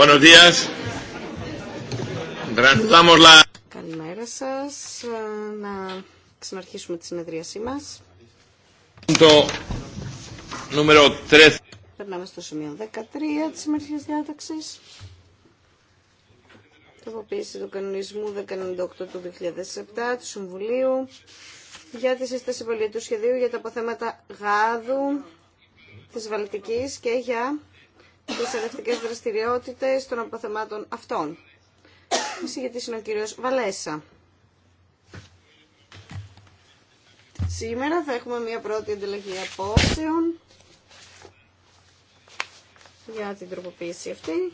Buenos Καλημέρα σας. Να ξαναρχίσουμε τη συνεδρίασή μας. Το νούμερο 13. Περνάμε στο σημείο 13 τη σημερινή διάταξη. Τοποποίηση του κανονισμού 198 του 2007 του Συμβουλίου για τη σύσταση πολιτικού σχεδίου για τα αποθέματα γάδου της Βαλτικής και για τις ελευτικές δραστηριότητες των αποθεμάτων αυτών. Ο συγγετής είναι ο κύριος Βαλέσα. Σήμερα θα έχουμε μια πρώτη ανταλλαγή απόψεων για την τροποποίηση αυτή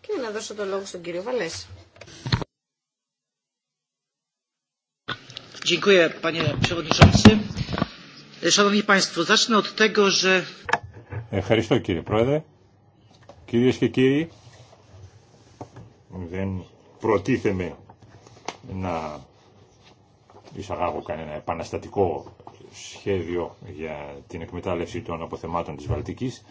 και να δώσω το λόγο στον κύριο Βαλέσα. Dziękuję panie przewodniczący. Szanowni Ευχαριστώ κύριε Πρόεδρε. Κυρίες και κύριοι, δεν προτίθεμαι να εισαγάγω κανένα επαναστατικό σχέδιο για την εκμετάλλευση των αποθεμάτων της Βαλτικής.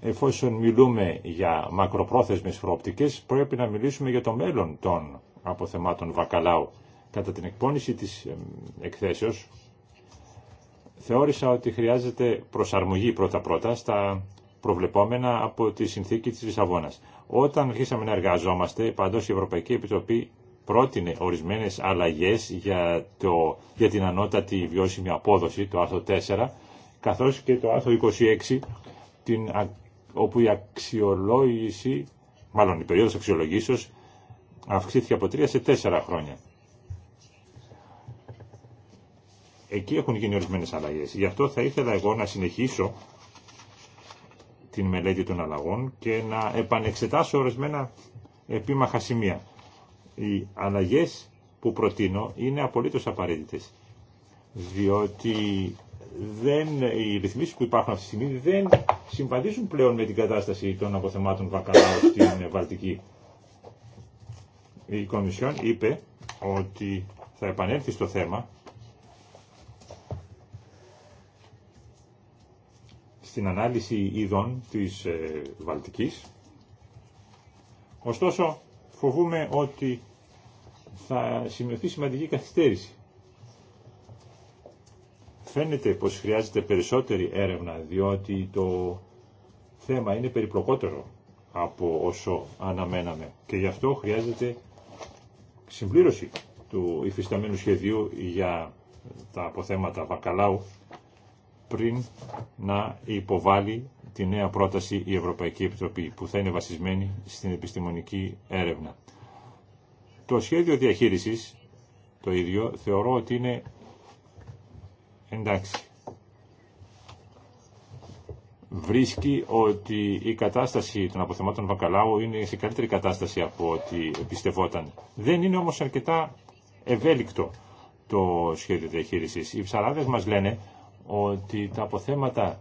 Εφόσον μιλούμε για μακροπρόθεσμες προοπτικές, πρέπει να μιλήσουμε για το μέλλον των αποθεμάτων Βακαλάου. Κατά την εκπόνηση της ε, εκθέσεως, θεώρησα ότι χρειάζεται προσαρμογή πρώτα-πρώτα στα προβλεπόμενα από τη συνθήκη της Λισαβόνας. Όταν αρχίσαμε να εργαζόμαστε, παντός η Ευρωπαϊκή Επιτροπή πρότεινε ορισμένες αλλαγές για, το, για την ανώτατη βιώσιμη απόδοση, το άρθρο 4, καθώς και το άρθρο 26, την, όπου η αξιολόγηση, μάλλον η περίοδος αξιολογήσεως, αυξήθηκε από 3 σε 4 χρόνια. Εκεί έχουν γίνει ορισμένε αλλαγέ. Γι' αυτό θα ήθελα εγώ να συνεχίσω την μελέτη των αλλαγών και να επανεξετάσω ορισμένα επίμαχα σημεία. Οι αλλαγές που προτείνω είναι απολύτως απαραίτητες, διότι δεν, οι ρυθμίσεις που υπάρχουν αυτή τη στιγμή δεν συμβαδίζουν πλέον με την κατάσταση των αποθεμάτων βακαλάου στην Βαλτική. Η Κομισιόν είπε ότι θα επανέλθει στο θέμα στην ανάλυση ειδών της ε, Βαλτικής. Ωστόσο, φοβούμε ότι θα σημειωθεί σημαντική καθυστέρηση. Φαίνεται πως χρειάζεται περισσότερη έρευνα, διότι το θέμα είναι περιπλοκότερο από όσο αναμέναμε και γι' αυτό χρειάζεται συμπλήρωση του υφισταμένου σχεδίου για τα αποθέματα βακαλάου πριν να υποβάλει τη νέα πρόταση η Ευρωπαϊκή Επιτροπή που θα είναι βασισμένη στην επιστημονική έρευνα. Το σχέδιο διαχείρισης το ίδιο θεωρώ ότι είναι εντάξει. Βρίσκει ότι η κατάσταση των αποθεμάτων Βακαλάου είναι σε καλύτερη κατάσταση από ό,τι πιστευόταν. Δεν είναι όμως αρκετά ευέλικτο το σχέδιο διαχείρισης. Οι ψαράδες μας λένε ότι τα αποθέματα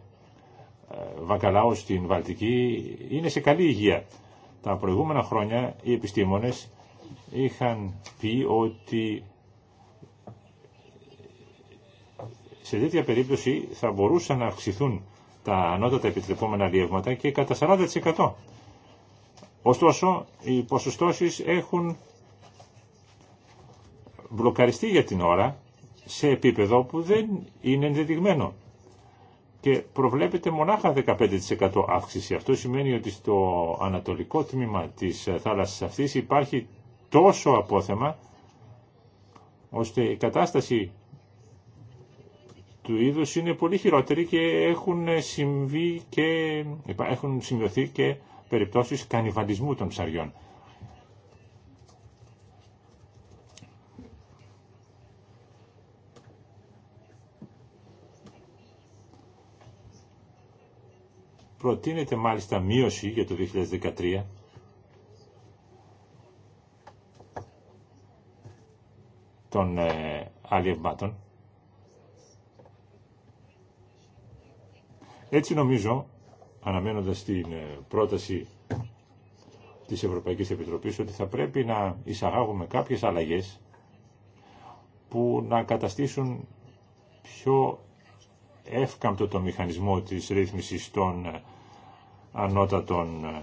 ε, βακαλάου στην Βαλτική είναι σε καλή υγεία. Τα προηγούμενα χρόνια οι επιστήμονες είχαν πει ότι σε τέτοια περίπτωση θα μπορούσαν να αυξηθούν τα ανώτατα επιτρεπόμενα λίευματα και κατά 40%. Ωστόσο, οι ποσοστώσεις έχουν μπλοκαριστεί για την ώρα σε επίπεδο που δεν είναι ενδεδειγμένο. Και προβλέπεται μονάχα 15% αύξηση. Αυτό σημαίνει ότι στο ανατολικό τμήμα της ε, θάλασσας αυτής υπάρχει τόσο απόθεμα ώστε η κατάσταση του είδους είναι πολύ χειρότερη και έχουν, ε, συμβεί και, ε, έχουν σημειωθεί και περιπτώσεις κανιβαλισμού των ψαριών. Προτείνεται μάλιστα μείωση για το 2013 των ε, αλλιευμάτων. Έτσι νομίζω, αναμένοντας την ε, πρόταση της Ευρωπαϊκής Επιτροπής, ότι θα πρέπει να εισαγάγουμε κάποιες αλλαγές που να καταστήσουν πιο εύκαμπτο το μηχανισμό της ρύθμισης των ε, ανώτατων ε,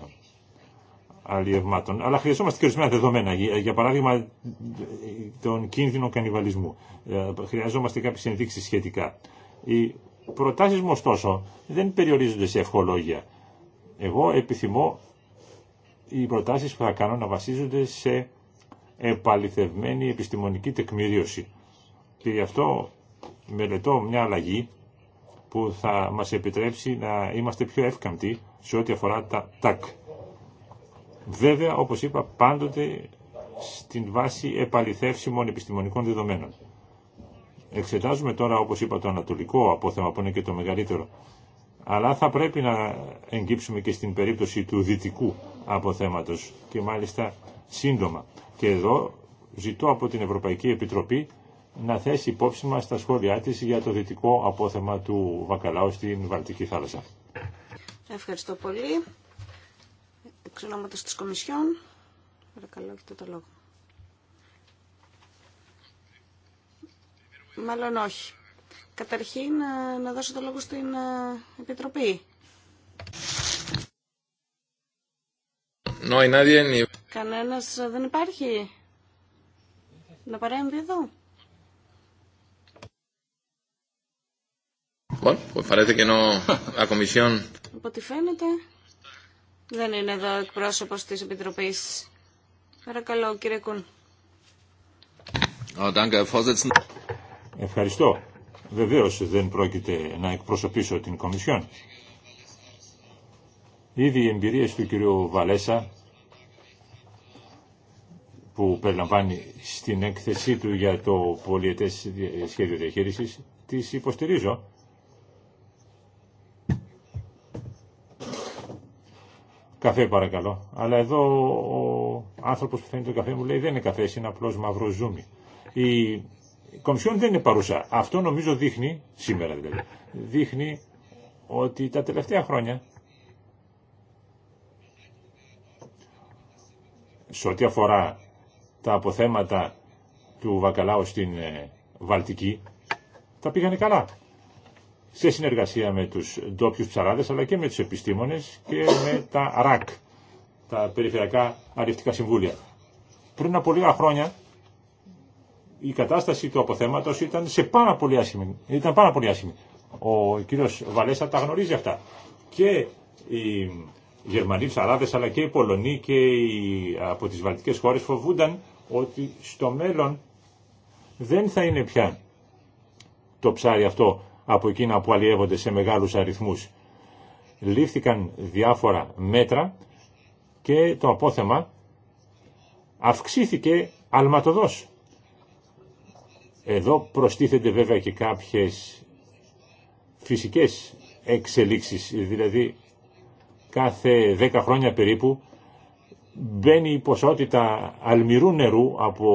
αλλιευμάτων. Αλλά χρειαζόμαστε και ορισμένα δεδομένα. Για παράδειγμα, τον κίνδυνο κανιβαλισμού. Ε, χρειαζόμαστε κάποιε ενδείξει σχετικά. Οι προτάσει μου, ωστόσο, δεν περιορίζονται σε ευχολόγια. Εγώ επιθυμώ οι προτάσεις που θα κάνω να βασίζονται σε επαληθευμένη επιστημονική τεκμηρίωση. Και γι' αυτό μελετώ μια αλλαγή που θα μας επιτρέψει να είμαστε πιο εύκαμπτοι σε ό,τι αφορά τα ΤΑΚ. Βέβαια, όπως είπα, πάντοτε στην βάση επαληθεύσιμων επιστημονικών δεδομένων. Εξετάζουμε τώρα, όπως είπα, το ανατολικό απόθεμα που είναι και το μεγαλύτερο. Αλλά θα πρέπει να εγκύψουμε και στην περίπτωση του δυτικού αποθέματος και μάλιστα σύντομα. Και εδώ ζητώ από την Ευρωπαϊκή Επιτροπή να θέσει υπόψη μας τα σχόλιά της για το δυτικό απόθεμα του Βακαλάου στην Βαλτική θάλασσα. Ευχαριστώ πολύ. Εξ ονόματο της Κομισιόν, παρακαλώ έχετε το λόγο. Μάλλον όχι. Καταρχήν ε, να δώσω το λόγο στην ε, Επιτροπή. No, Κανένας ε, δεν υπάρχει να παρέμβει εδώ. Bueno, pues parece que no, la Comisión... Από ό,τι φαίνεται, δεν είναι εδώ εκπρόσωπος της Επιτροπής. Παρακαλώ, κύριε Κούν. Oh, Ευχαριστώ. Βεβαίω δεν πρόκειται να εκπροσωπήσω την Κομισιόν. Ήδη οι εμπειρίες του κυρίου Βαλέσα που περιλαμβάνει στην έκθεσή του για το πολιετές σχέδιο διαχείρισης τις υποστηρίζω Καφέ παρακαλώ. Αλλά εδώ ο άνθρωπος που φέρνει το καφέ μου λέει δεν είναι καφέ, είναι απλώς μαύρο ζούμι. Η Κομισιόν δεν είναι παρούσα. Αυτό νομίζω δείχνει, σήμερα δηλαδή, δείχνει ότι τα τελευταία χρόνια σε ό,τι αφορά τα αποθέματα του Βακαλάου στην ε, Βαλτική τα πήγανε καλά σε συνεργασία με τους ντόπιου ψαράδες αλλά και με τους επιστήμονες και με τα ΡΑΚ, τα Περιφερειακά αριστικά Συμβούλια. Πριν από λίγα χρόνια η κατάσταση του αποθέματος ήταν, σε πάρα πολύ άσχημη. ήταν πάρα πολύ Ο κύριος Βαλέσα τα γνωρίζει αυτά. Και οι Γερμανοί ψαράδες αλλά και οι Πολωνοί και οι, από τις βαλτικές χώρες φοβούνταν ότι στο μέλλον δεν θα είναι πια το ψάρι αυτό από εκείνα που αλλιεύονται σε μεγάλους αριθμούς. Λήφθηκαν διάφορα μέτρα και το απόθεμα αυξήθηκε αλματοδός. Εδώ προστίθενται βέβαια και κάποιες φυσικές εξελίξεις, δηλαδή κάθε 10 χρόνια περίπου μπαίνει η ποσότητα αλμυρού νερού από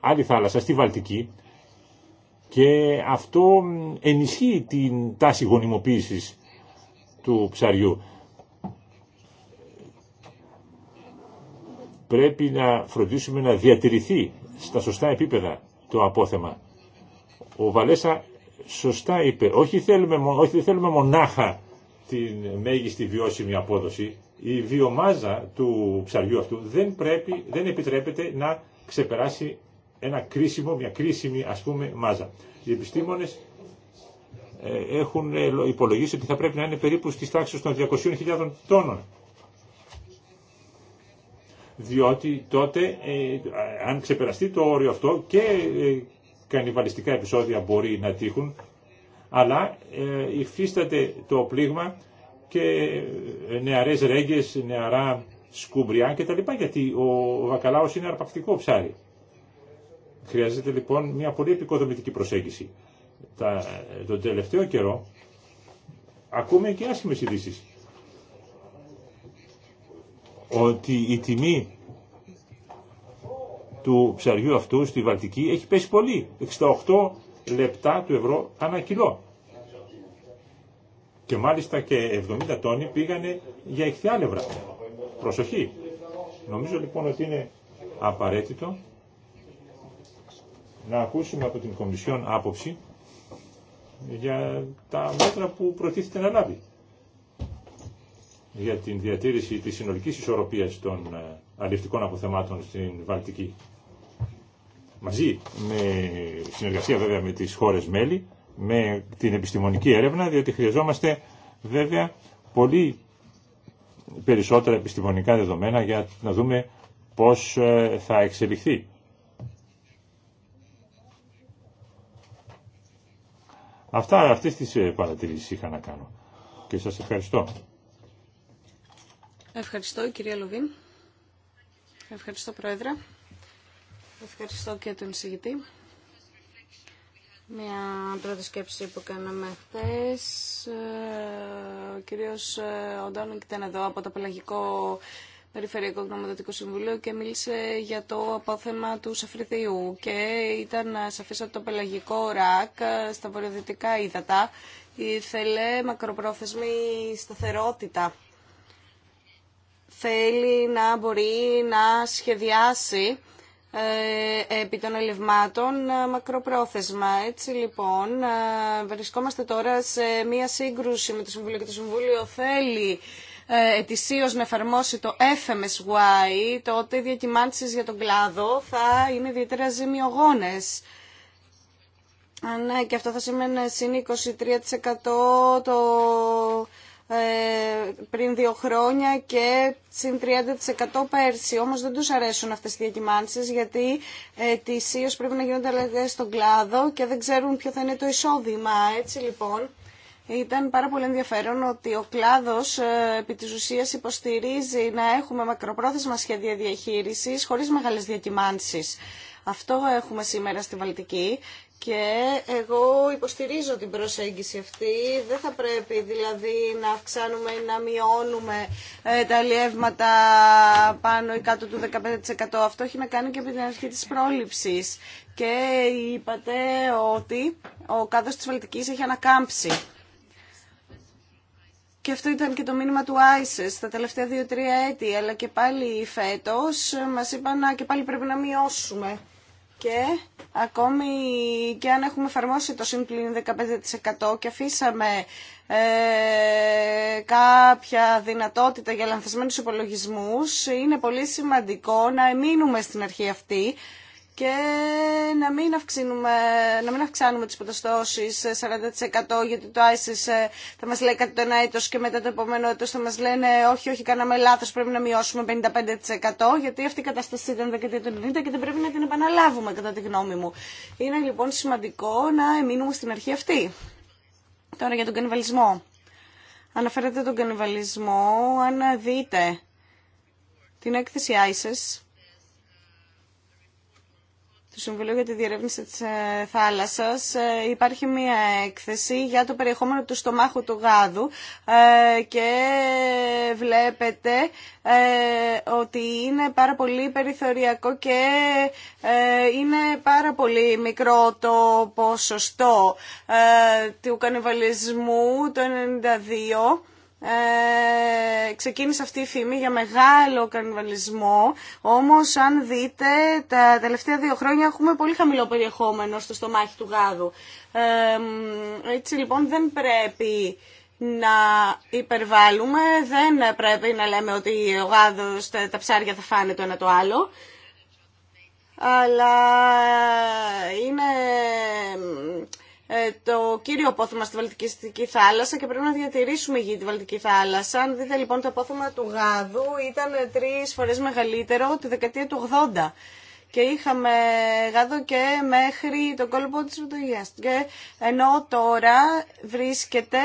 άλλη θάλασσα στη Βαλτική και αυτό ενισχύει την τάση γονιμοποίησης του ψαριού. Πρέπει να φροντίσουμε να διατηρηθεί στα σωστά επίπεδα το απόθεμα. Ο Βαλέσα σωστά είπε, όχι, θέλουμε, όχι θέλουμε μονάχα την μέγιστη βιώσιμη απόδοση, η βιομάζα του ψαριού αυτού δεν, πρέπει, δεν επιτρέπεται να ξεπεράσει ένα κρίσιμο, μια κρίσιμη ας πούμε μάζα. Οι επιστήμονες ε, έχουν ε, υπολογίσει ότι θα πρέπει να είναι περίπου στις τάξεις των 200.000 τόνων. Διότι τότε, ε, αν ξεπεραστεί το όριο αυτό, και ε, κανιβαλιστικά επεισόδια μπορεί να τύχουν, αλλά ε, υφίσταται το πλήγμα και νεαρές ρέγγες, νεαρά σκουμπριά κτλ. Γιατί ο βακαλάος είναι αρπακτικό ψάρι. Χρειάζεται λοιπόν μια πολύ επικοδομητική προσέγγιση. Τα, τον τελευταίο καιρό ακούμε και άσχημες ειδήσει. Ότι η τιμή του ψαριού αυτού στη Βαλτική έχει πέσει πολύ. 68 λεπτά του ευρώ ανά κιλό. Και μάλιστα και 70 τόνοι πήγανε για ηχθιάλευρα. Προσοχή. Νομίζω λοιπόν ότι είναι απαραίτητο να ακούσουμε από την Κομισιόν άποψη για τα μέτρα που προτίθεται να λάβει για την διατήρηση της συνολικής ισορροπίας των ε, αλληλευτικών αποθεμάτων στην Βαλτική. Μαζί με συνεργασία βέβαια με τις χώρες μέλη, με την επιστημονική έρευνα, διότι χρειαζόμαστε βέβαια πολύ περισσότερα επιστημονικά δεδομένα για να δούμε πώς ε, θα εξελιχθεί Αυτά, αυτές τις ε, παρατηρήσεις είχα να κάνω. Και σας ευχαριστώ. Ευχαριστώ κυρία Λουβίν. Ευχαριστώ Πρόεδρε. Ευχαριστώ και τον εισηγητή. Μια πρώτη σκέψη που κάναμε χθε. Ε, ο κύριος ε, Οντόνικ ήταν εδώ από το Πελαγικό Περιφερειακό Γνωμοδοτικό Συμβουλίο και μίλησε για το απόθεμα του Σαφριδιού και ήταν σαφής ότι το πελαγικό ρακ στα βορειοδυτικά ύδατα ήθελε μακροπρόθεσμη σταθερότητα. Θέλει να μπορεί να σχεδιάσει ε, επί των ελευμάτων ε, μακροπρόθεσμα. Έτσι λοιπόν ε, βρισκόμαστε τώρα σε μία σύγκρουση με το Συμβούλιο και το Συμβούλιο θέλει ε, ετησίω να εφαρμόσει το FMSY, τότε οι διακυμάνσει για τον κλάδο θα είναι ιδιαίτερα ζημιογόνε. Ναι, και αυτό θα σημαίνει συν 23% ε, πριν δύο χρόνια και συν 30% πέρσι. Όμω δεν του αρέσουν αυτέ οι διακυμάνσει, γιατί ετησίω πρέπει να γίνονται αλλαγέ στον κλάδο και δεν ξέρουν ποιο θα είναι το εισόδημα. Έτσι λοιπόν ήταν πάρα πολύ ενδιαφέρον ότι ο κλάδος ε, επί της ουσίας υποστηρίζει να έχουμε μακροπρόθεσμα σχέδια διαχείρισης χωρίς μεγάλες διακυμάνσει. Αυτό έχουμε σήμερα στη Βαλτική και εγώ υποστηρίζω την προσέγγιση αυτή. Δεν θα πρέπει δηλαδή να αυξάνουμε ή να μειώνουμε ε, τα αλλιεύματα πάνω ή κάτω του 15%. Αυτό έχει να κάνει και με την αρχή της πρόληψης. Και είπατε ότι ο κάδος της Βαλτικής έχει ανακάμψει. Και αυτό ήταν και το μήνυμα του ISIS τα τελευταία δύο-τρία έτη, αλλά και πάλι φέτος μας είπαν και πάλι πρέπει να μειώσουμε. Και ακόμη και αν έχουμε εφαρμόσει το συμπλήν 15% και αφήσαμε ε, κάποια δυνατότητα για λανθασμένους υπολογισμούς, είναι πολύ σημαντικό να εμείνουμε στην αρχή αυτή, και να μην, αυξάνουμε, να μην τις 40% γιατί το ISIS ε, θα μας λέει κάτι το ένα έτος και μετά το επόμενο έτος θα μας λένε όχι, όχι, κάναμε λάθος, πρέπει να μειώσουμε 55% γιατί αυτή η κατάσταση ήταν δεκαετία του 90 και δεν πρέπει να την επαναλάβουμε κατά τη γνώμη μου. Είναι λοιπόν σημαντικό να εμείνουμε στην αρχή αυτή. Τώρα για τον κανιβαλισμό. Αναφέρετε τον κανιβαλισμό, αν δείτε την έκθεση ISIS, του Συμβουλίου για τη Διερεύνηση τη ε, θάλασσα. Ε, υπάρχει μία έκθεση για το περιεχόμενο του στομάχου του γάδου ε, και βλέπετε ότι είναι πάρα πολύ περιθωριακό και είναι πάρα πολύ μικρό το ποσοστό του κανιβαλισμού, το 92 ε, ξεκίνησε αυτή η φήμη για μεγάλο κανιβαλισμό, όμως αν δείτε τα τελευταία δύο χρόνια έχουμε πολύ χαμηλό περιεχόμενο στο στομάχι του γάδου. Ε, έτσι λοιπόν δεν πρέπει να υπερβάλλουμε, δεν πρέπει να λέμε ότι ο γάδος, τα, τα ψάρια θα φάνε το ένα το άλλο αλλά είναι ε, το κύριο απόθεμα στη Βαλτική θάλασσα και πρέπει να διατηρήσουμε γη τη Βαλτική θάλασσα. Αν δείτε λοιπόν το απόθεμα του γάδου ήταν τρεις φορές μεγαλύτερο τη δεκαετία του 1980 και είχαμε γάδο και μέχρι τον κόλπο της Βουτογιάς. ενώ τώρα βρίσκεται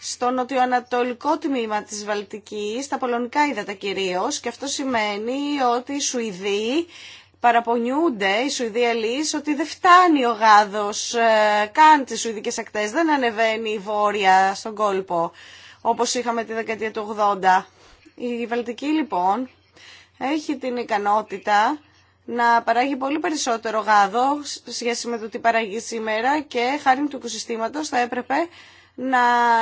στο νοτιοανατολικό τμήμα της Βαλτικής, στα πολωνικά ύδατα κυρίως, και αυτό σημαίνει ότι οι Σουηδοί παραπονιούνται οι Σουηδοί Ελλείς ότι δεν φτάνει ο γάδος ε, καν τις Σουηδικές ακτές, δεν ανεβαίνει η βόρεια στον κόλπο όπως είχαμε τη δεκαετία του 80. Η Βαλτική λοιπόν έχει την ικανότητα να παράγει πολύ περισσότερο γάδο σχέση με το τι παράγει σήμερα και χάρη του οικοσυστήματος θα έπρεπε να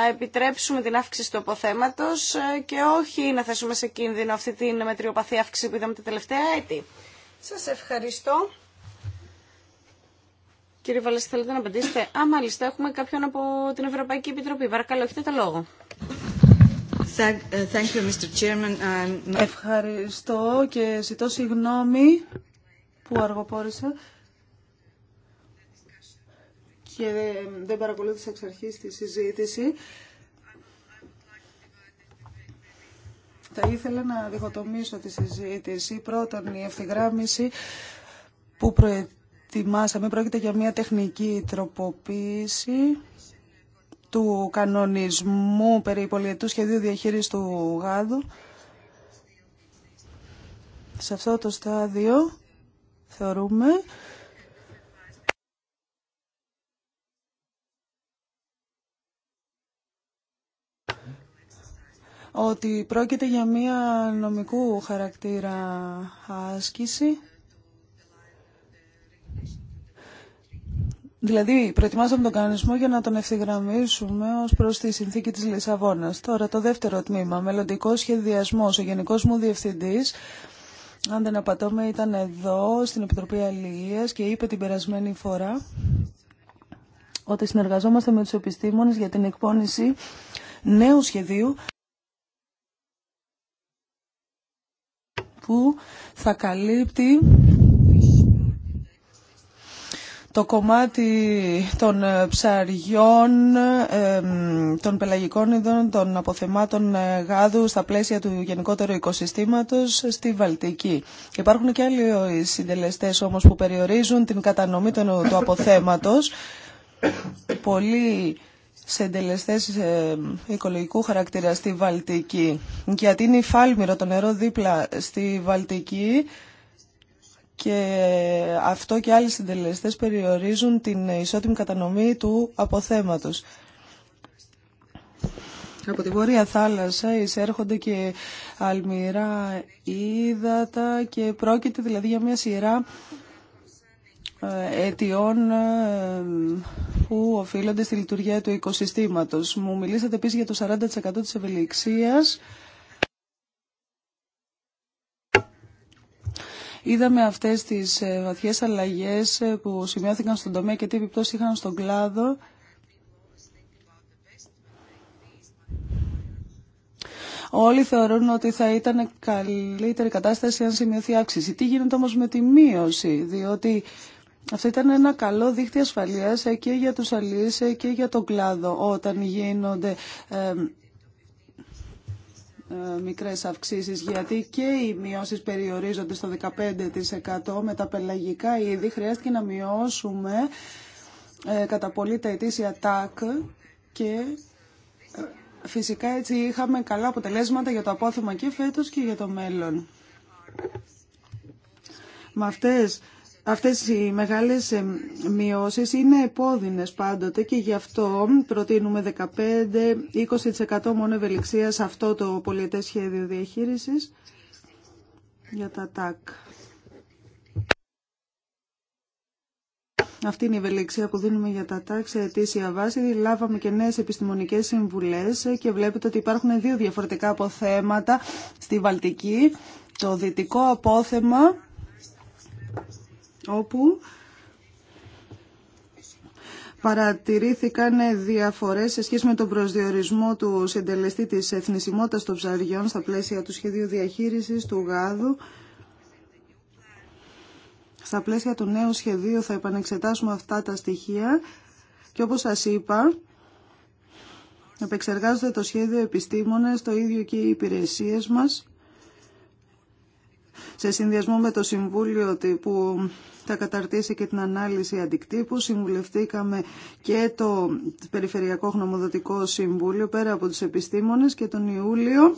επιτρέψουμε την αύξηση του αποθέματος ε, και όχι να θέσουμε σε κίνδυνο αυτή την μετριοπαθή αύξηση που είδαμε τα τελευταία έτη. Σας ευχαριστώ. Κύριε Βαλέση, θέλετε να απαντήσετε. Α, μάλιστα, έχουμε κάποιον από την Ευρωπαϊκή Επιτροπή. Παρακαλώ, έχετε το λόγο. Thank uh, you, Mr. Chairman. Ευχαριστώ και ζητώ συγγνώμη που αργοπόρησα και δεν παρακολούθησα εξ αρχής τη συζήτηση. Θα ήθελα να διχοτομήσω τη συζήτηση. Πρώτον, η ευθυγράμμιση που προετοιμάσαμε πρόκειται για μια τεχνική τροποποίηση του κανονισμού περί πολιετού σχεδίου διαχείρισης του γάδου. Σε αυτό το στάδιο θεωρούμε ότι πρόκειται για μία νομικού χαρακτήρα άσκηση. Δηλαδή, προετοιμάσαμε τον κανονισμό για να τον ευθυγραμμίσουμε ως προς τη συνθήκη της Λισαβόνας. Τώρα, το δεύτερο τμήμα, μελλοντικό σχεδιασμός. Ο γενικός μου διευθυντής, αν δεν απατώμε, ήταν εδώ στην Επιτροπή Αλληλείας και είπε την περασμένη φορά ότι συνεργαζόμαστε με τους επιστήμονες για την εκπόνηση νέου σχεδίου που θα καλύπτει το κομμάτι των ε, ψαριών, των πελαγικών ειδών, των αποθεμάτων ε, γάδου στα πλαίσια του γενικότερου οικοσυστήματος στη Βαλτική. Υπάρχουν και άλλοι συντελεστές όμως που περιορίζουν την κατανομή του αποθέματος. Πολύ σε εντελεστές οικολογικού χαρακτήρα στη Βαλτική. Γιατί είναι φάλμηρο το νερό δίπλα στη Βαλτική και αυτό και άλλοι συντελεστέ περιορίζουν την ισότιμη κατανομή του αποθέματος. Από τη Βόρεια Θάλασσα εισέρχονται και αλμυρά ύδατα και πρόκειται δηλαδή για μια σειρά αιτιών ε, που οφείλονται στη λειτουργία του οικοσυστήματος. Μου μιλήσατε επίσης για το 40% της ευελιξίας. Είδαμε αυτές τις ε, βαθιές αλλαγές ε, που σημειώθηκαν στον τομέα και τι επιπτώσει είχαν στον κλάδο. Όλοι θεωρούν ότι θα ήταν καλύτερη κατάσταση αν σημειωθεί αύξηση. Τι γίνεται όμως με τη μείωση, διότι αυτό ήταν ένα καλό δίχτυ ασφαλείας ε, και για τους αλληλείς ε, και για τον κλάδο όταν γίνονται ε, μικρές αυξήσεις γιατί και οι μειώσεις περιορίζονται στο 15% με τα πελαγικά είδη χρειάστηκε να μειώσουμε κατά πολύ τα ετήσια τάκ και φυσικά έτσι είχαμε καλά αποτελέσματα για το απόθεμα και φέτος και για το μέλλον. Με αυτές Αυτές οι μεγάλες μειώσεις είναι επώδυνες πάντοτε και γι' αυτό προτείνουμε 15-20% μόνο ευελιξία σε αυτό το πολιετές σχέδιο διαχείρισης για τα ΤΑΚ. Αυτή είναι η ευελιξία που δίνουμε για τα ΤΑΚ σε αιτήσια βάση. Λάβαμε και νέες επιστημονικές συμβουλές και βλέπετε ότι υπάρχουν δύο διαφορετικά αποθέματα στη Βαλτική. Το δυτικό απόθεμα όπου παρατηρήθηκαν διαφορές σε σχέση με τον προσδιορισμό του συντελεστή της εθνισιμότητας των ψαριών στα πλαίσια του σχεδίου διαχείρισης του γάδου. Στα πλαίσια του νέου σχεδίου θα επανεξετάσουμε αυτά τα στοιχεία και όπως σας είπα, επεξεργάζονται το σχέδιο επιστήμονες, το ίδιο και οι υπηρεσίες μας σε συνδυασμό με το Συμβούλιο που θα καταρτήσει και την ανάλυση αντικτύπου. Συμβουλευτήκαμε και το Περιφερειακό Γνωμοδοτικό Συμβούλιο πέρα από τους επιστήμονες και τον Ιούλιο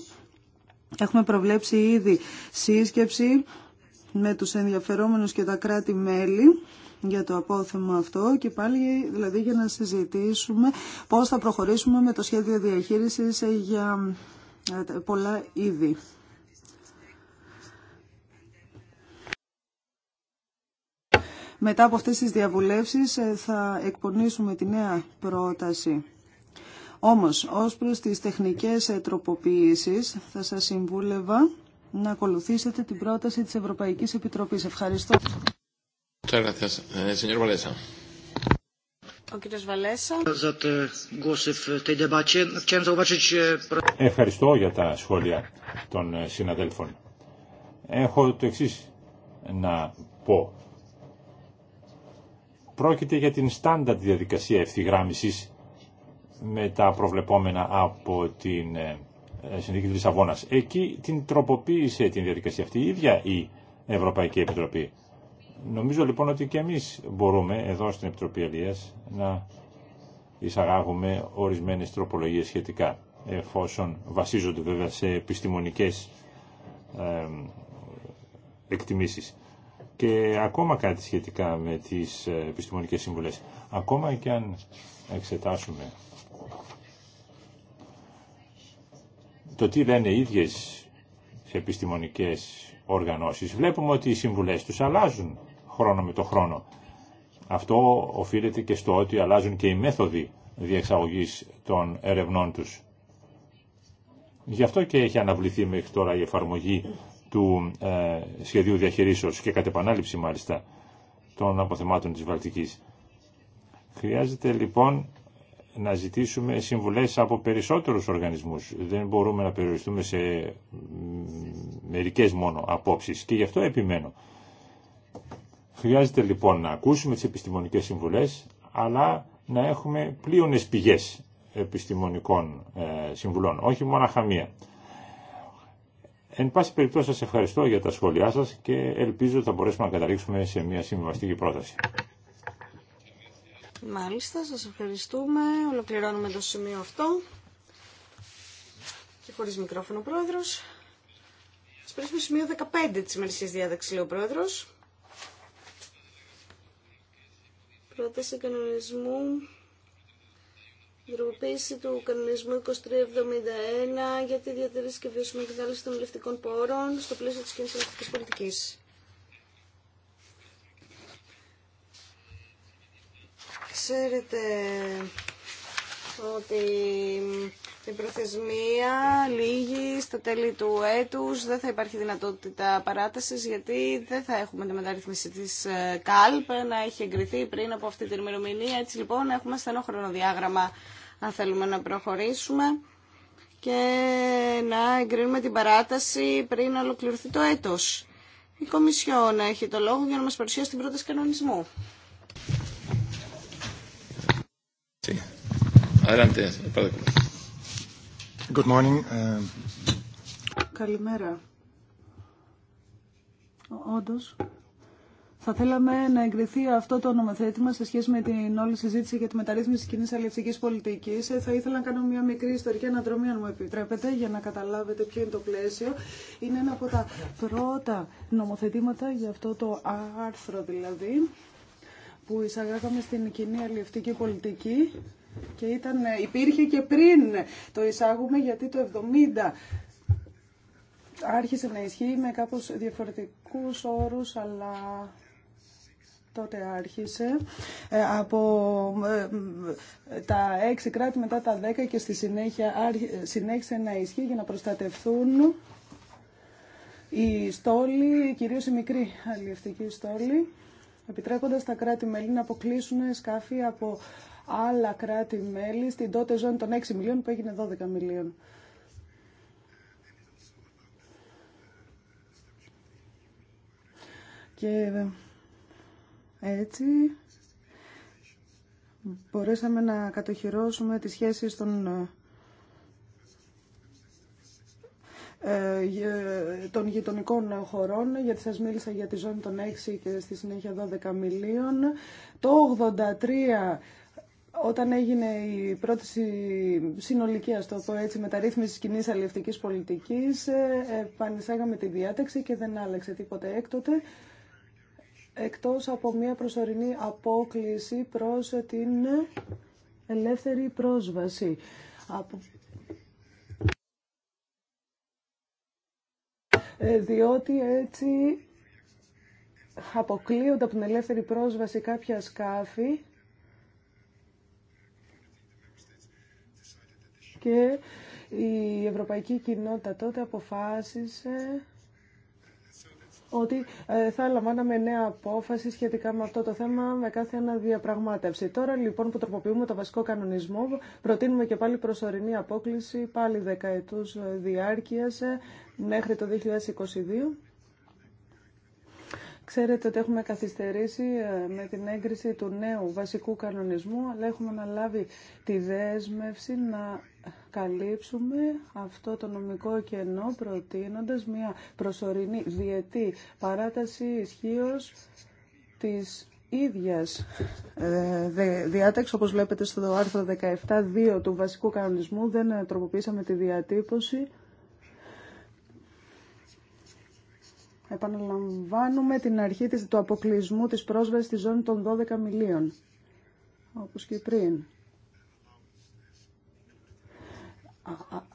έχουμε προβλέψει ήδη σύσκεψη με τους ενδιαφερόμενους και τα κράτη-μέλη για το απόθεμα αυτό και πάλι δηλαδή για να συζητήσουμε πώς θα προχωρήσουμε με το σχέδιο διαχείρισης για πολλά είδη. Μετά από αυτές τις διαβουλεύσεις ε, θα εκπονήσουμε τη νέα πρόταση. Όμως, ως προς τις τεχνικές ε, τροποποιήσεις, θα σας συμβούλευα να ακολουθήσετε την πρόταση της Ευρωπαϊκής Επιτροπής. Ευχαριστώ. Eh, Βαλέσα. Ευχαριστώ για τα σχόλια των ε, συναδέλφων. Έχω το εξής να πω. Πρόκειται για την στάνταρτη διαδικασία ευθυγράμμισης με τα προβλεπόμενα από την ε, Συνδίκη της Λισαβόνας. Εκεί την τροποποίησε την διαδικασία αυτή η ίδια η Ευρωπαϊκή Επιτροπή. Νομίζω λοιπόν ότι και εμείς μπορούμε εδώ στην Επιτροπή Ελίας να εισαγάγουμε ορισμένες τροπολογίες σχετικά εφόσον βασίζονται βέβαια σε επιστημονικές ε, εκτιμήσεις. Και ακόμα κάτι σχετικά με τις ε, επιστημονικές σύμβουλες. Ακόμα και αν εξετάσουμε το τι λένε οι ίδιες επιστημονικές οργανώσεις, βλέπουμε ότι οι συμβουλές τους αλλάζουν χρόνο με το χρόνο. Αυτό οφείλεται και στο ότι αλλάζουν και οι μέθοδοι διεξαγωγής των ερευνών τους. Γι' αυτό και έχει αναβληθεί μέχρι τώρα η εφαρμογή του ε, σχεδίου διαχειρίσεως και κατ' επανάληψη μάλιστα των αποθεμάτων της Βαλτικής. Χρειάζεται λοιπόν να ζητήσουμε συμβουλές από περισσότερους οργανισμούς. Δεν μπορούμε να περιοριστούμε σε μερικές μόνο απόψεις και γι' αυτό επιμένω. Χρειάζεται λοιπόν να ακούσουμε τις επιστημονικές συμβουλές, αλλά να έχουμε πλείονε πηγές επιστημονικών ε, συμβουλών, όχι μόνο χαμία. Εν πάση περιπτώσει σας ευχαριστώ για τα σχόλιά σας και ελπίζω ότι θα μπορέσουμε να καταλήξουμε σε μια συμβιβαστική πρόταση. Μάλιστα, σας ευχαριστούμε. Ολοκληρώνουμε το σημείο αυτό. Και χωρίς μικρόφωνο, Πρόεδρος. Ας περάσουμε σημείο 15 της ημερησίας διάταξης, λέει ο Πρόεδρος. Πρόταση κανονισμού Δρομοποίηση του κανονισμού 2371 για τη διατηρήση και βιώσιμη των λευτικών πόρων στο πλαίσιο της κοινωνικής πολιτική. πολιτικής. Ξέρετε ότι η προθεσμία λύγει στα τέλη του έτους, δεν θα υπάρχει δυνατότητα παράτασης γιατί δεν θα έχουμε τη μεταρρύθμιση της ε, ΚΑΛΠ να έχει εγκριθεί πριν από αυτή την ημερομηνία. Έτσι λοιπόν έχουμε στενό χρονοδιάγραμμα αν θέλουμε να προχωρήσουμε και να εγκρίνουμε την παράταση πριν να ολοκληρωθεί το έτος. Η Κομισιόν έχει το λόγο για να μας παρουσιάσει την πρόταση κανονισμού. Good morning. Uh, Καλημέρα. Όντως, θα θέλαμε να εγκριθεί αυτό το νομοθέτημα σε σχέση με την όλη συζήτηση για τη μεταρρύθμιση τη κοινή αλληλευτική πολιτική. Ε, θα ήθελα να κάνω μια μικρή ιστορική αναδρομή, αν μου επιτρέπετε, για να καταλάβετε ποιο είναι το πλαίσιο. Είναι ένα από τα πρώτα νομοθετήματα για αυτό το άρθρο δηλαδή που εισαγάγαμε στην κοινή αλληλευτική πολιτική και ήταν, ε, υπήρχε και πριν το εισάγουμε γιατί το 70 άρχισε να ισχύει με κάπως διαφορετικούς όρους αλλά τότε άρχισε ε, από ε, τα έξι κράτη μετά τα δέκα και στη συνέχεια συνέχισε να ισχύει για να προστατευθούν οι στόλοι, κυρίως οι μικροί αλληλευτικοί στόλοι, επιτρέποντας τα κράτη-μέλη να αποκλείσουν σκάφη από άλλα κράτη-μέλη στην τότε ζώνη των 6 μιλίων που έγινε 12 μιλίων. Και έτσι, μπορέσαμε να κατοχυρώσουμε τις σχέσεις των ε, των γειτονικών χωρών, γιατί σας μίλησα για τη ζώνη των 6 και στη συνέχεια 12 μιλίων. Το 83 όταν έγινε η πρώτη συνολική, το πω έτσι, μεταρρύθμιση της κοινής αλληλευτικής πολιτικής, ε, επανεισάγαμε τη διάταξη και δεν άλλαξε τίποτε έκτοτε εκτός από μια προσωρινή απόκληση προς την ελεύθερη πρόσβαση. Ε, διότι έτσι αποκλείονται από την ελεύθερη πρόσβαση κάποια σκάφη και η Ευρωπαϊκή Κοινότητα τότε αποφάσισε ότι ε, θα λαμβάναμε νέα απόφαση σχετικά με αυτό το θέμα με κάθε ένα διαπραγμάτευση. Τώρα λοιπόν που τροποποιούμε το βασικό κανονισμό, προτείνουμε και πάλι προσωρινή απόκληση, πάλι δεκαετούς ε, διάρκειας ε, μέχρι το 2022. Ξέρετε ότι έχουμε καθυστερήσει ε, με την έγκριση του νέου βασικού κανονισμού, αλλά έχουμε αναλάβει τη δέσμευση να καλύψουμε αυτό το νομικό κενό προτείνοντας μια προσωρινή διετή παράταση ισχύω της ίδιας ε, διάταξη, όπως βλέπετε στο άρθρο 17.2 του βασικού κανονισμού, δεν τροποποίησαμε τη διατύπωση. Επαναλαμβάνουμε την αρχή της, του αποκλεισμού της πρόσβασης στη ζώνη των 12 μιλίων, όπως και πριν.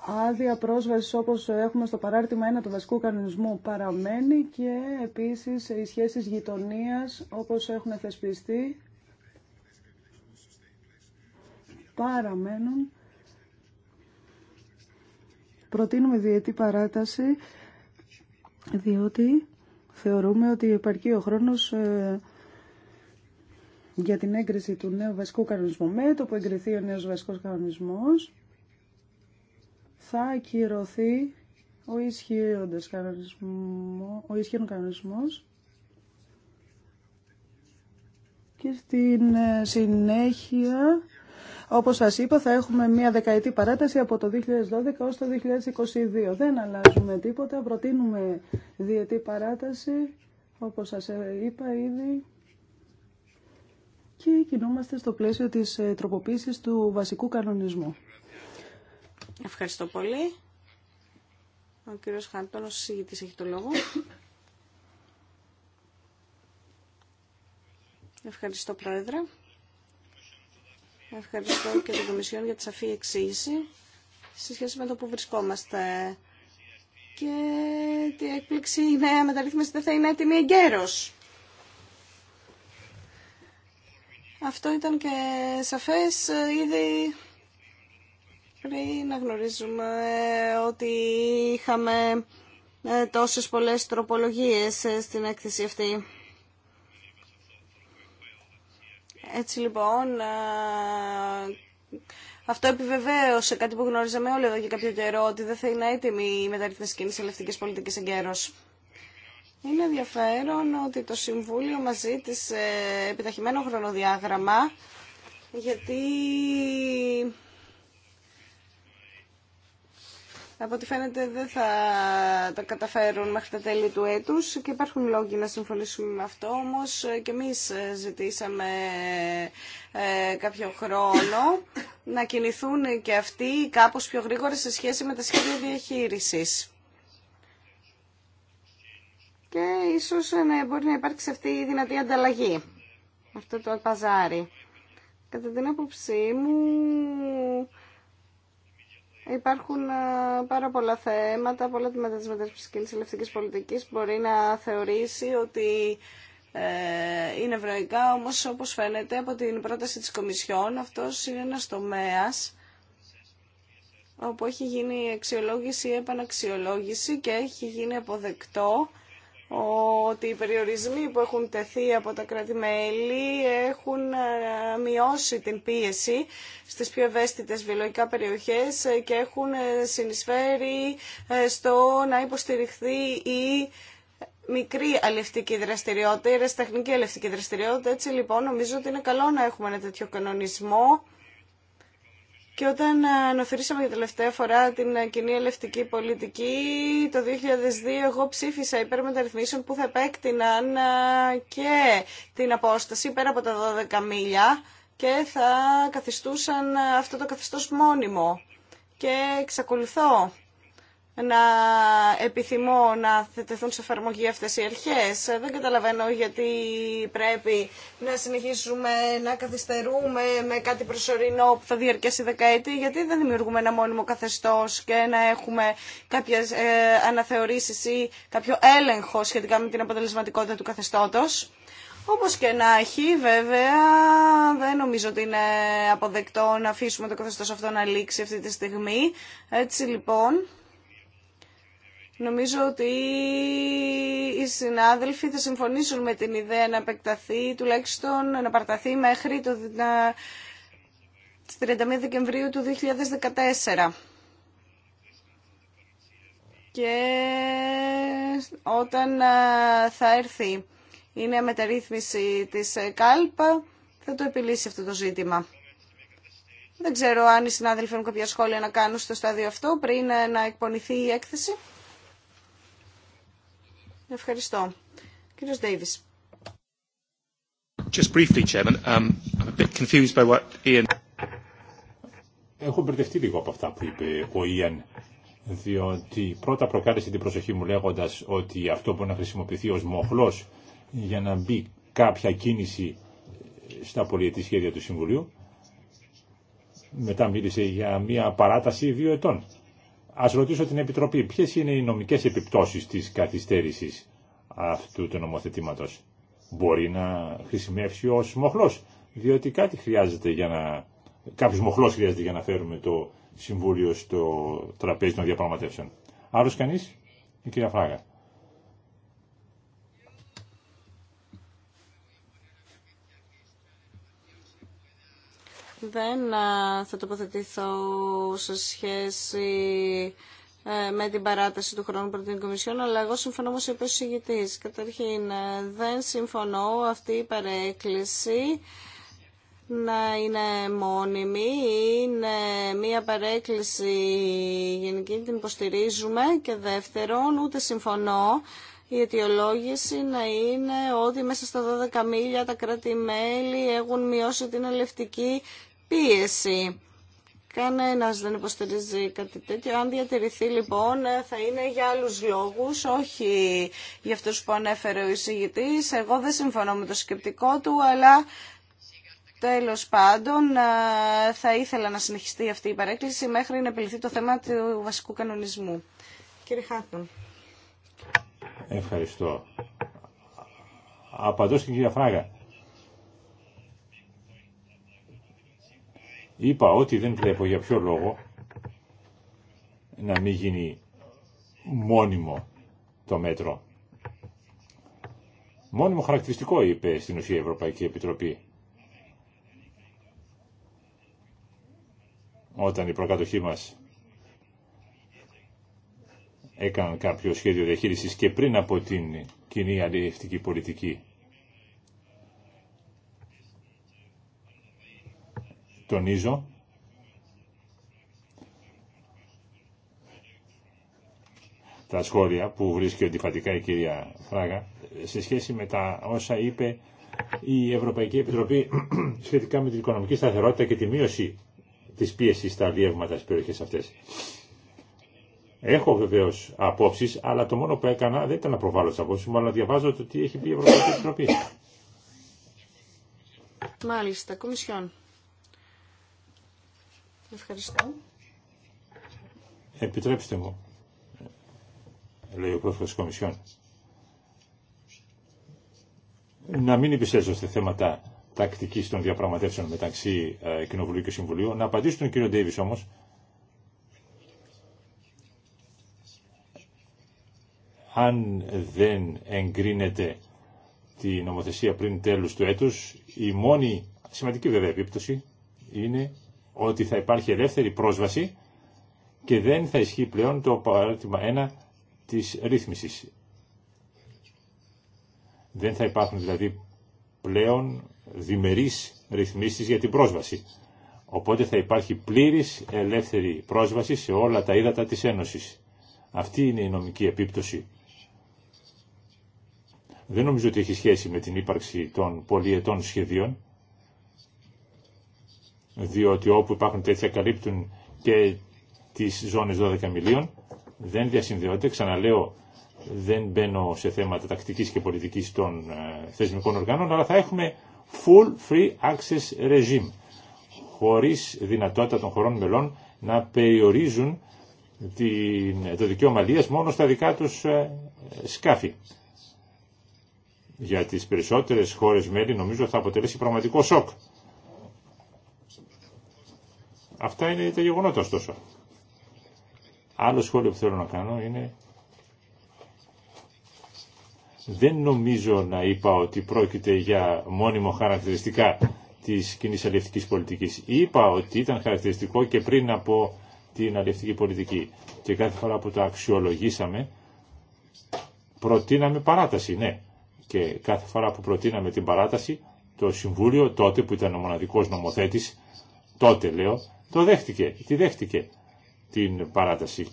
Άδεια πρόσβαση όπως έχουμε στο παράρτημα 1 του βασικού κανονισμού παραμένει και επίσης οι σχέσεις γειτονίας όπως έχουν θεσπιστεί παραμένουν. Προτείνουμε διετή παράταση διότι θεωρούμε ότι επαρκεί ο χρόνος ε, για την έγκριση του νέου βασικού κανονισμού. Με το που εγκριθεί ο νέος βασικός κανονισμός, θα ακυρωθεί ο ισχύοντας κανονισμό, ο ισχύον κανονισμός και στην ε, συνέχεια όπως σας είπα θα έχουμε μια δεκαετή παράταση από το 2012 έως το 2022. Δεν αλλάζουμε τίποτα, προτείνουμε διετή παράταση όπως σας είπα ήδη και κινούμαστε στο πλαίσιο της ε, τροποποίησης του βασικού κανονισμού. Ευχαριστώ πολύ. Ο κύριος Χάντωνος, συζητητής, έχει το λόγο. Ευχαριστώ, Πρόεδρε. Ευχαριστώ και την Κομισιόν για τη σαφή εξήγηση σε σχέση με το που βρισκόμαστε. Και τι έκπληξη η νέα μεταρρύθμιση δεν θα είναι έτοιμη εγκαίρως. Αυτό ήταν και σαφές ήδη πριν να γνωρίζουμε ότι είχαμε τόσες πολλές τροπολογίες στην έκθεση αυτή. Έτσι λοιπόν, ε, αυτό επιβεβαίωσε κάτι που γνώριζαμε όλοι εδώ και κάποιο καιρό, ότι δεν θα είναι έτοιμη η μεταρρύθμιση κίνηση ελευθερικής πολιτικής εγκαίρω. Είναι ενδιαφέρον ότι το Συμβούλιο μαζί της επιταχυμένο χρονοδιάγραμμα, γιατί Από ό,τι φαίνεται δεν θα τα καταφέρουν μέχρι τα τέλη του έτους και υπάρχουν λόγοι να συμφωνήσουμε με αυτό, όμως και εμείς ζητήσαμε ε, κάποιο χρόνο να κινηθούν και αυτοί κάπως πιο γρήγορα σε σχέση με τα σχέδια διαχείρισης. Και ίσως ε, μπορεί να υπάρξει αυτή η δυνατή ανταλλαγή, αυτό το παζάρι. Κατά την άποψή μου, Υπάρχουν ε, πάρα πολλά θέματα, πολλά τμήματα της μεταρρυθμιστικής ελευθερικής πολιτικής μπορεί να θεωρήσει ότι ε, είναι ευρωϊκά, όμως όπως φαίνεται από την πρόταση της Κομισιόν αυτός είναι ένας τομέας όπου έχει γίνει αξιολόγηση, ή επαναξιολόγηση και έχει γίνει αποδεκτό ότι οι περιορισμοί που έχουν τεθεί από τα κράτη-μέλη έχουν ε, μειώσει την πίεση στις πιο ευαίσθητες βιολογικά περιοχές και έχουν ε, συνεισφέρει ε, στο να υποστηριχθεί η μικρή αλευτική δραστηριότητα, η ρεσταχνική αλευτική δραστηριότητα. Έτσι λοιπόν νομίζω ότι είναι καλό να έχουμε ένα τέτοιο κανονισμό και όταν αναφερήσαμε για τελευταία φορά την κοινή ελευτική πολιτική, το 2002 εγώ ψήφισα υπέρ μεταρρυθμίσεων που θα επέκτηναν ε, και την απόσταση πέρα από τα 12 μίλια και θα καθιστούσαν αυτό το καθεστώς μόνιμο. Και εξακολουθώ να επιθυμώ να θετεθούν σε εφαρμογή αυτές οι αρχές. Δεν καταλαβαίνω γιατί πρέπει να συνεχίσουμε να καθυστερούμε με κάτι προσωρινό που θα διαρκέσει δεκαετή, γιατί δεν δημιουργούμε ένα μόνιμο καθεστώς και να έχουμε κάποιες ε, αναθεωρήσεις ή κάποιο έλεγχο σχετικά με την αποτελεσματικότητα του καθεστώτος. Όπως και να έχει, βέβαια, δεν νομίζω ότι είναι αποδεκτό να αφήσουμε το καθεστώς αυτό να λήξει αυτή τη στιγμή. Έτσι λοιπόν, Νομίζω ότι οι συνάδελφοι θα συμφωνήσουν με την ιδέα να επεκταθεί, τουλάχιστον να παραταθεί μέχρι το 31 Δεκεμβρίου του 2014. Και όταν θα έρθει η νέα μεταρρύθμιση της ε, ΚΑΛΠ, θα το επιλύσει αυτό το ζήτημα. Δεν ξέρω αν οι συνάδελφοι έχουν κάποια σχόλια να κάνουν στο στάδιο αυτό πριν ε, να εκπονηθεί η έκθεση. Ευχαριστώ. Κύριος Ντέιβις. Έχω μπερδευτεί λίγο από αυτά που είπε ο Ιαν, διότι πρώτα προκάλεσε την προσοχή μου λέγοντας ότι αυτό μπορεί να χρησιμοποιηθεί ως μοχλός για να μπει κάποια κίνηση στα πολιετή σχέδια του Συμβουλίου. Μετά μίλησε για μια παράταση δύο ετών. Ας ρωτήσω την Επιτροπή, ποιε είναι οι νομικές επιπτώσεις της καθυστέρηση αυτού του νομοθετήματος. Μπορεί να χρησιμεύσει ως μοχλός, διότι κάτι χρειάζεται για να... Κάποιος μοχλός χρειάζεται για να φέρουμε το Συμβούλιο στο τραπέζι των διαπραγματεύσεων. Άλλο κανεί, η κυρία Φράγα. Δεν θα τοποθετηθώ σε σχέση ε, με την παράταση του χρόνου προ την Κομισιόν, αλλά εγώ συμφωνώ όμως είπε ο συγητής. Καταρχήν, ε, δεν συμφωνώ αυτή η παρέκκληση να είναι μόνιμη, είναι μία παρέκκληση γενική, την υποστηρίζουμε και δεύτερον, ούτε συμφωνώ η αιτιολόγηση να είναι ότι μέσα στα 12 μίλια τα κράτη-μέλη έχουν μειώσει την ελευτική πίεση. Κανένα δεν υποστηρίζει κάτι τέτοιο. Αν διατηρηθεί λοιπόν θα είναι για άλλους λόγους, όχι για αυτούς που ανέφερε ο εισηγητής. Εγώ δεν συμφωνώ με το σκεπτικό του, αλλά τέλος πάντων θα ήθελα να συνεχιστεί αυτή η παρέκκληση μέχρι να επιληθεί το θέμα του βασικού κανονισμού. Κύριε Χάτον. Ευχαριστώ. Απαντώ στην κυρία Φράγα. Είπα ότι δεν βλέπω για ποιο λόγο να μην γίνει μόνιμο το μέτρο. Μόνιμο χαρακτηριστικό είπε στην ουσία η Ευρωπαϊκή Επιτροπή. Όταν η προκατοχή μας έκαναν κάποιο σχέδιο διαχείρισης και πριν από την κοινή αλληλευτική πολιτική. τονίζω τα σχόλια που βρίσκει αντιφατικά η κυρία Φράγα σε σχέση με τα όσα είπε η Ευρωπαϊκή Επιτροπή σχετικά με την οικονομική σταθερότητα και τη μείωση της πίεσης στα αλλιεύματα στις περιοχές αυτές. Έχω βεβαίω απόψει, αλλά το μόνο που έκανα δεν ήταν να προβάλλω τι απόψει μου, αλλά να διαβάζω το τι έχει πει η Ευρωπαϊκή Επιτροπή. Μάλιστα, Κομισιόν. Ευχαριστώ. Επιτρέψτε μου, λέει ο πρόεδρος της Κομισιόν, να μην επισέλθω σε θέματα τακτική των διαπραγματεύσεων μεταξύ ε, Κοινοβουλίου και Συμβουλίου. Να απαντήσω τον κύριο Ντέιβις όμως. Αν δεν εγκρίνεται τη νομοθεσία πριν τέλους του έτους, η μόνη σημαντική βέβαια επίπτωση είναι ότι θα υπάρχει ελεύθερη πρόσβαση και δεν θα ισχύει πλέον το παράδειγμα 1 της ρύθμισης. Δεν θα υπάρχουν δηλαδή πλέον διμερείς ρυθμίσεις για την πρόσβαση. Οπότε θα υπάρχει πλήρης ελεύθερη πρόσβαση σε όλα τα ύδατα της Ένωσης. Αυτή είναι η νομική επίπτωση. Δεν νομίζω ότι έχει σχέση με την ύπαρξη των πολυετών σχεδίων διότι όπου υπάρχουν τέτοια καλύπτουν και τις ζώνες 12 μιλίων, δεν διασυνδέονται, ξαναλέω, δεν μπαίνω σε θέματα τακτικής και πολιτικής των ε, θεσμικών οργάνων, αλλά θα έχουμε full free access regime, χωρίς δυνατότητα των χωρών μελών να περιορίζουν την, το δικαίωμα μόνο στα δικά τους ε, σκάφη. Για τις περισσότερες χώρες μέλη νομίζω θα αποτελέσει πραγματικό σοκ Αυτά είναι τα γεγονότα ωστόσο. Άλλο σχόλιο που θέλω να κάνω είναι δεν νομίζω να είπα ότι πρόκειται για μόνιμο χαρακτηριστικά της κοινή αλληλευτικής πολιτικής. Είπα ότι ήταν χαρακτηριστικό και πριν από την αλληλευτική πολιτική. Και κάθε φορά που το αξιολογήσαμε, προτείναμε παράταση, ναι. Και κάθε φορά που προτείναμε την παράταση, το Συμβούλιο τότε που ήταν ο μοναδικός νομοθέτης, τότε λέω, το δέχτηκε, τη δέχτηκε την παράταση.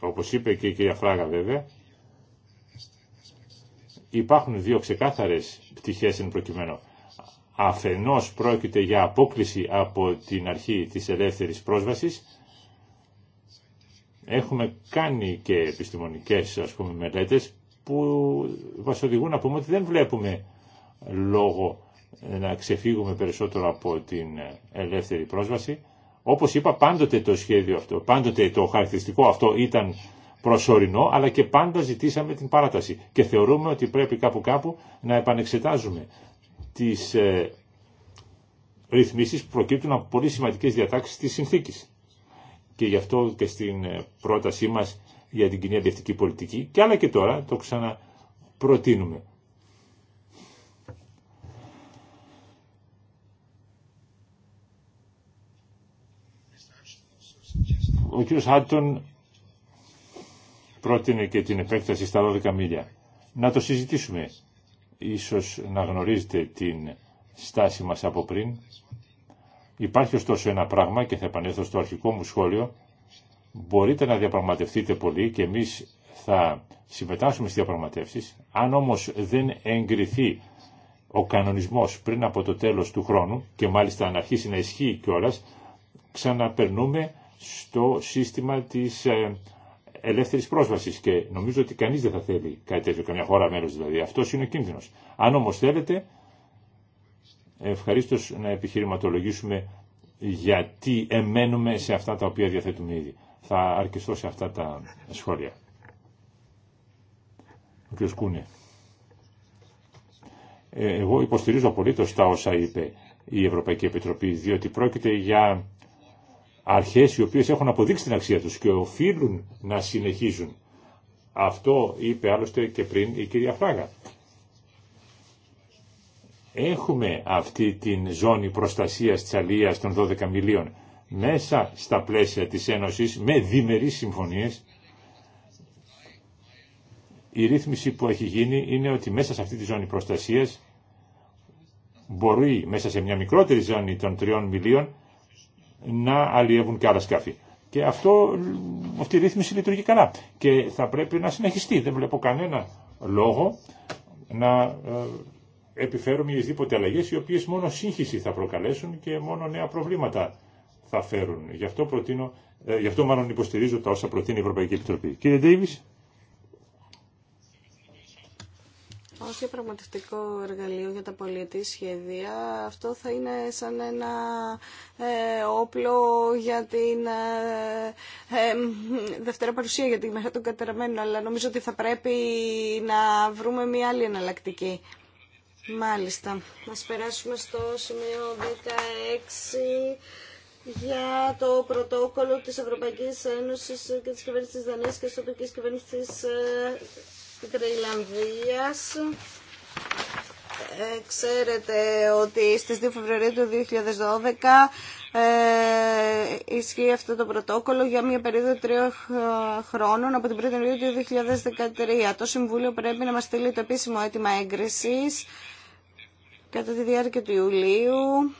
Όπως είπε και η κυρία Φράγα βέβαια, υπάρχουν δύο ξεκάθαρες πτυχές εν προκειμένου. Αφενός πρόκειται για απόκληση από την αρχή της ελεύθερης πρόσβασης. Έχουμε κάνει και επιστημονικές ας πούμε, μελέτες που μας οδηγούν να πούμε ότι δεν βλέπουμε λόγο να ξεφύγουμε περισσότερο από την ελεύθερη πρόσβαση όπως είπα πάντοτε το σχέδιο αυτό, πάντοτε το χαρακτηριστικό αυτό ήταν προσωρινό, αλλά και πάντα ζητήσαμε την παράταση. Και θεωρούμε ότι πρέπει κάπου κάπου να επανεξετάζουμε τις ε, ρυθμίσεις που προκύπτουν από πολύ σημαντικές διατάξεις της συνθήκης. Και γι' αυτό και στην ε, πρότασή μας για την κοινή αντιευτική πολιτική, και άλλα και τώρα το ξαναπροτείνουμε. Ο κ. Χάντον πρότεινε και την επέκταση στα 12 μίλια. Να το συζητήσουμε. Ίσως να γνωρίζετε την στάση μας από πριν. Υπάρχει ωστόσο ένα πράγμα και θα επανέλθω στο αρχικό μου σχόλιο. Μπορείτε να διαπραγματευτείτε πολύ και εμείς θα συμμετάσχουμε στις διαπραγματεύσεις. Αν όμως δεν εγκριθεί ο κανονισμός πριν από το τέλος του χρόνου και μάλιστα να αρχίσει να ισχύει κιόλας, ξαναπερνούμε στο σύστημα της ε, ελεύθερης πρόσβασης και νομίζω ότι κανείς δεν θα θέλει κάτι τέτοιο, καμιά χώρα μέλος δηλαδή. Αυτός είναι ο κίνδυνος. Αν όμως θέλετε, ευχαρίστω να επιχειρηματολογήσουμε γιατί εμένουμε σε αυτά τα οποία διαθέτουμε ήδη. Θα αρκεστώ σε αυτά τα σχόλια. Ο κ. Ε, εγώ υποστηρίζω απολύτω τα όσα είπε η Ευρωπαϊκή Επιτροπή, διότι πρόκειται για αρχές οι οποίες έχουν αποδείξει την αξία τους και οφείλουν να συνεχίζουν. Αυτό είπε άλλωστε και πριν η κυρία Φράγα. Έχουμε αυτή την ζώνη προστασίας της αλίας των 12 μιλίων μέσα στα πλαίσια της Ένωσης με διμερείς συμφωνίες. Η ρύθμιση που έχει γίνει είναι ότι μέσα σε αυτή τη ζώνη προστασίας μπορεί μέσα σε μια μικρότερη ζώνη των τριών μιλίων να αλλιεύουν και άλλα σκάφη. Και αυτό, αυτή η ρύθμιση λειτουργεί καλά και θα πρέπει να συνεχιστεί. Δεν βλέπω κανένα λόγο να ε, επιφέρουμε ιεσδήποτε αλλαγές οι οποίες μόνο σύγχυση θα προκαλέσουν και μόνο νέα προβλήματα θα φέρουν. Γι' αυτό, προτείνω, ε, γι αυτό μάλλον υποστηρίζω τα όσα προτείνει η Ευρωπαϊκή Επιτροπή. Κύριε Ντέιβις. ως πραγματικό εργαλείο για τα πολιετή σχέδια. Αυτό θα είναι σαν ένα ε, όπλο για την ε, ε δευτέρα παρουσία για τη μέρα των κατεραμένων, αλλά νομίζω ότι θα πρέπει να βρούμε μια άλλη εναλλακτική. Μάλιστα. Να περάσουμε στο σημείο 16 για το πρωτόκολλο της Ευρωπαϊκής Ένωσης και της κυβέρνησης της Δανίας και της τοπικής κυβέρνησης ε, Γρυλανδίας. Ε, ξέρετε ότι στις 2 Φεβρουαρίου του 2012 ε, ισχύει αυτό το πρωτόκολλο για μια περίοδο τριών χρόνων από την 1η Ιουλίου του 2013. Το Συμβούλιο πρέπει να μας στείλει το επίσημο αίτημα έγκρισης κατά τη διάρκεια του Ιουλίου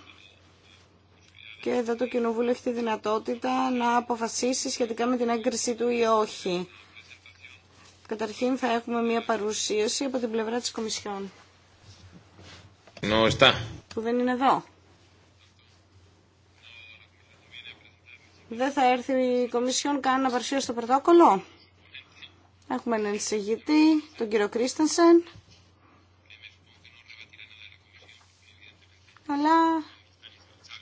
και εδώ το Κοινοβούλιο έχει τη δυνατότητα να αποφασίσει σχετικά με την έγκριση του ή όχι. Καταρχήν θα έχουμε μία παρουσίαση από την πλευρά της Κομισιόν. Που δεν είναι εδώ. Δεν θα έρθει η Κομισιόν καν να παρουσιάσει το πρωτόκολλο. Έχουμε έναν εισηγητή, τον κύριο Κρίστενσεν. Αλλά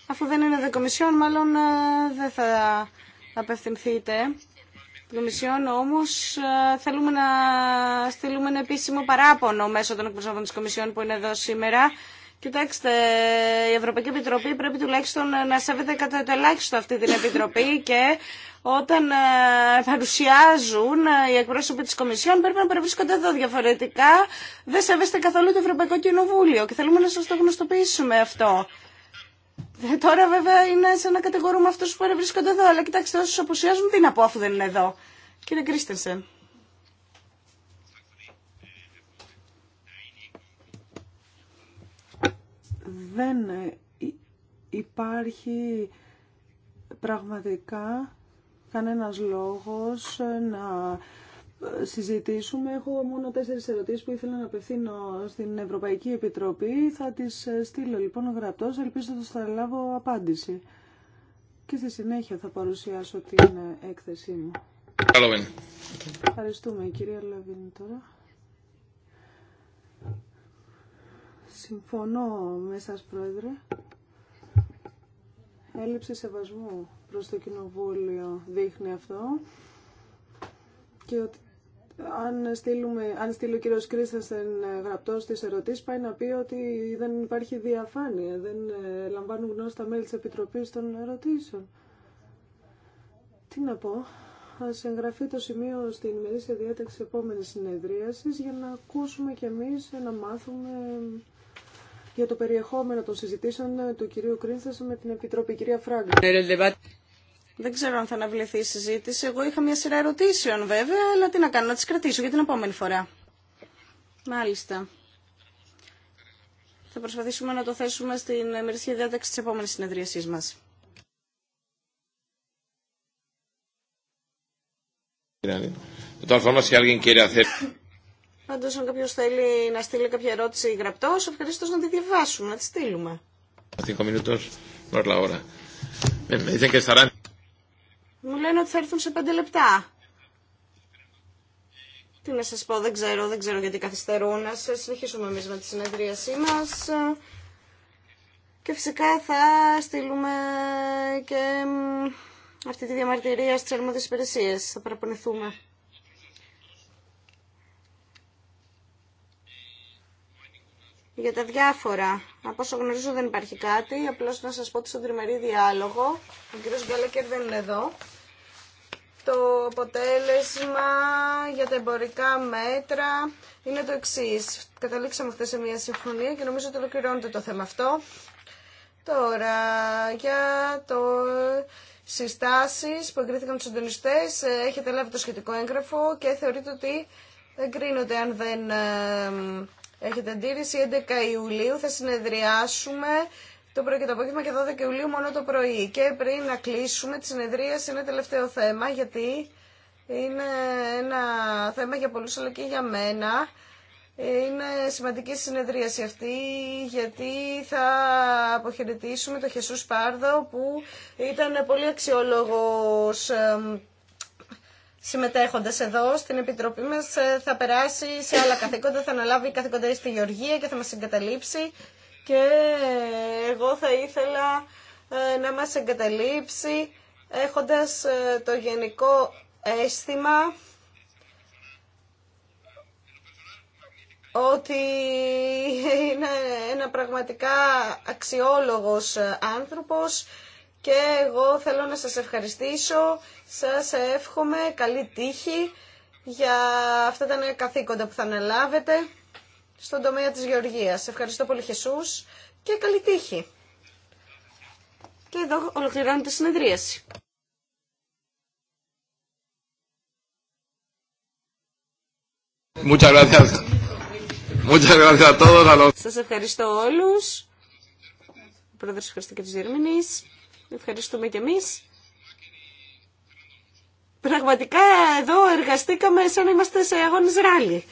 αφού δεν είναι δε Κομισιόν, μάλλον ε, δεν θα απευθυνθείτε Κομισιόν όμω, ε, θέλουμε να στείλουμε ένα επίσημο παράπονο μέσω των εκπροσώπων τη Κομισιόν που είναι εδώ σήμερα. Κοιτάξτε, η Ευρωπαϊκή Επιτροπή πρέπει τουλάχιστον να σέβεται κατά το ελάχιστο αυτή την Επιτροπή και όταν ε, παρουσιάζουν ε, οι εκπρόσωποι τη Κομισιόν πρέπει να παρευρίσκονται εδώ διαφορετικά. Δεν σέβεστε καθόλου το Ευρωπαϊκό Κοινοβούλιο και θέλουμε να σα το γνωστοποιήσουμε αυτό. Ε, τώρα βέβαια είναι σαν να κατηγορούμε αυτού που βρίσκονται εδώ, αλλά κοιτάξτε όσου αποσιάζουν τι να πω αφού δεν είναι εδώ. Κύριε Κρίστενσεν. Δεν ε, υπάρχει πραγματικά κανένας λόγος ε, να συζητήσουμε. Έχω μόνο τέσσερις ερωτήσεις που ήθελα να απευθύνω στην Ευρωπαϊκή Επιτροπή. Θα τις στείλω λοιπόν γραπτός, ελπίζω ότι θα λάβω απάντηση. Και στη συνέχεια θα παρουσιάσω την έκθεσή μου. Ευχαριστούμε κυρία Λαβίνη τώρα. Συμφωνώ με σας Πρόεδρε. Έλλειψη σεβασμού προς το Κοινοβούλιο δείχνει αυτό και ότι αν, στείλουμε, αν στείλει ο κύριος Κρίστασεν γραπτό στις ερωτήσεις, πάει να πει ότι δεν υπάρχει διαφάνεια, δεν ε, λαμβάνουν γνώση τα μέλη της Επιτροπής των ερωτήσεων. Τι να πω, ας εγγραφεί το σημείο στην ημερήσια διάταξη επόμενης συνεδρίασης για να ακούσουμε κι εμείς, ε, να μάθουμε ε, για το περιεχόμενο των συζητήσεων του κυρίου Κρίνθας με την Επιτροπή. Κυρία Φράγκο. Δεν ξέρω αν θα αναβληθεί η συζήτηση. Εγώ είχα μια σειρά ερωτήσεων βέβαια, αλλά τι να κάνω, να τις κρατήσω για την επόμενη φορά. Μάλιστα. Θα προσπαθήσουμε να το θέσουμε στην μερική διάταξη της επόμενης συνεδρίασής μας. Πάντω, αν κάποιο θέλει να στείλει κάποια ερώτηση γραπτό, ευχαριστώ να τη διαβάσουμε, να τη στείλουμε. Μου λένε ότι θα έρθουν σε πέντε λεπτά. Τι να σας πω, δεν ξέρω, δεν ξέρω γιατί καθυστερούν. Να συνεχίσουμε εμείς με τη συνεδρίασή μας. Και φυσικά θα στείλουμε και αυτή τη διαμαρτυρία στις αρμόδιες υπηρεσίες. Θα παραπονηθούμε. Για τα διάφορα. Από όσο γνωρίζω δεν υπάρχει κάτι. Απλώς να σας πω ότι στον τριμερή διάλογο ο κ. Γκάλεκερ δεν είναι εδώ. Το αποτέλεσμα για τα εμπορικά μέτρα είναι το εξή. Καταλήξαμε χθε σε μια συμφωνία και νομίζω ότι ολοκληρώνεται το θέμα αυτό. Τώρα, για το συστάσεις που εγκρίθηκαν τους συντονιστές, ε, έχετε λάβει το σχετικό έγγραφο και θεωρείτε ότι εγκρίνονται αν δεν ε, έχετε αντίρρηση. 11 Ιουλίου θα συνεδριάσουμε το πρωί και το απόγευμα και 12 Ιουλίου μόνο το πρωί. Και πριν να κλείσουμε τη συνεδρία είναι τελευταίο θέμα γιατί είναι ένα θέμα για πολλούς αλλά και για μένα. Είναι σημαντική συνεδρίαση αυτή γιατί θα αποχαιρετήσουμε τον Χεσού Πάρδο που ήταν πολύ αξιόλογος συμμετέχοντας εδώ στην Επιτροπή μας. Θα περάσει σε άλλα καθήκοντα, θα αναλάβει καθήκοντα στη Γεωργία και θα μας εγκαταλείψει και εγώ θα ήθελα ε, να μας εγκαταλείψει έχοντας ε, το γενικό αίσθημα ότι είναι ένα πραγματικά αξιόλογος άνθρωπος και εγώ θέλω να σας ευχαριστήσω, σας εύχομαι καλή τύχη για αυτά τα νέα καθήκοντα που θα αναλάβετε στον τομέα της γεωργίας. Ευχαριστώ πολύ Χεσούς και καλή τύχη. Και εδώ ολοκληρώνεται η συνεδρίαση. Muchas Σας ευχαριστώ όλους. Ο πρόεδρος ευχαριστώ και τους Ευχαριστούμε και εμείς. Πραγματικά εδώ εργαστήκαμε σαν να είμαστε σε αγώνες ράλι.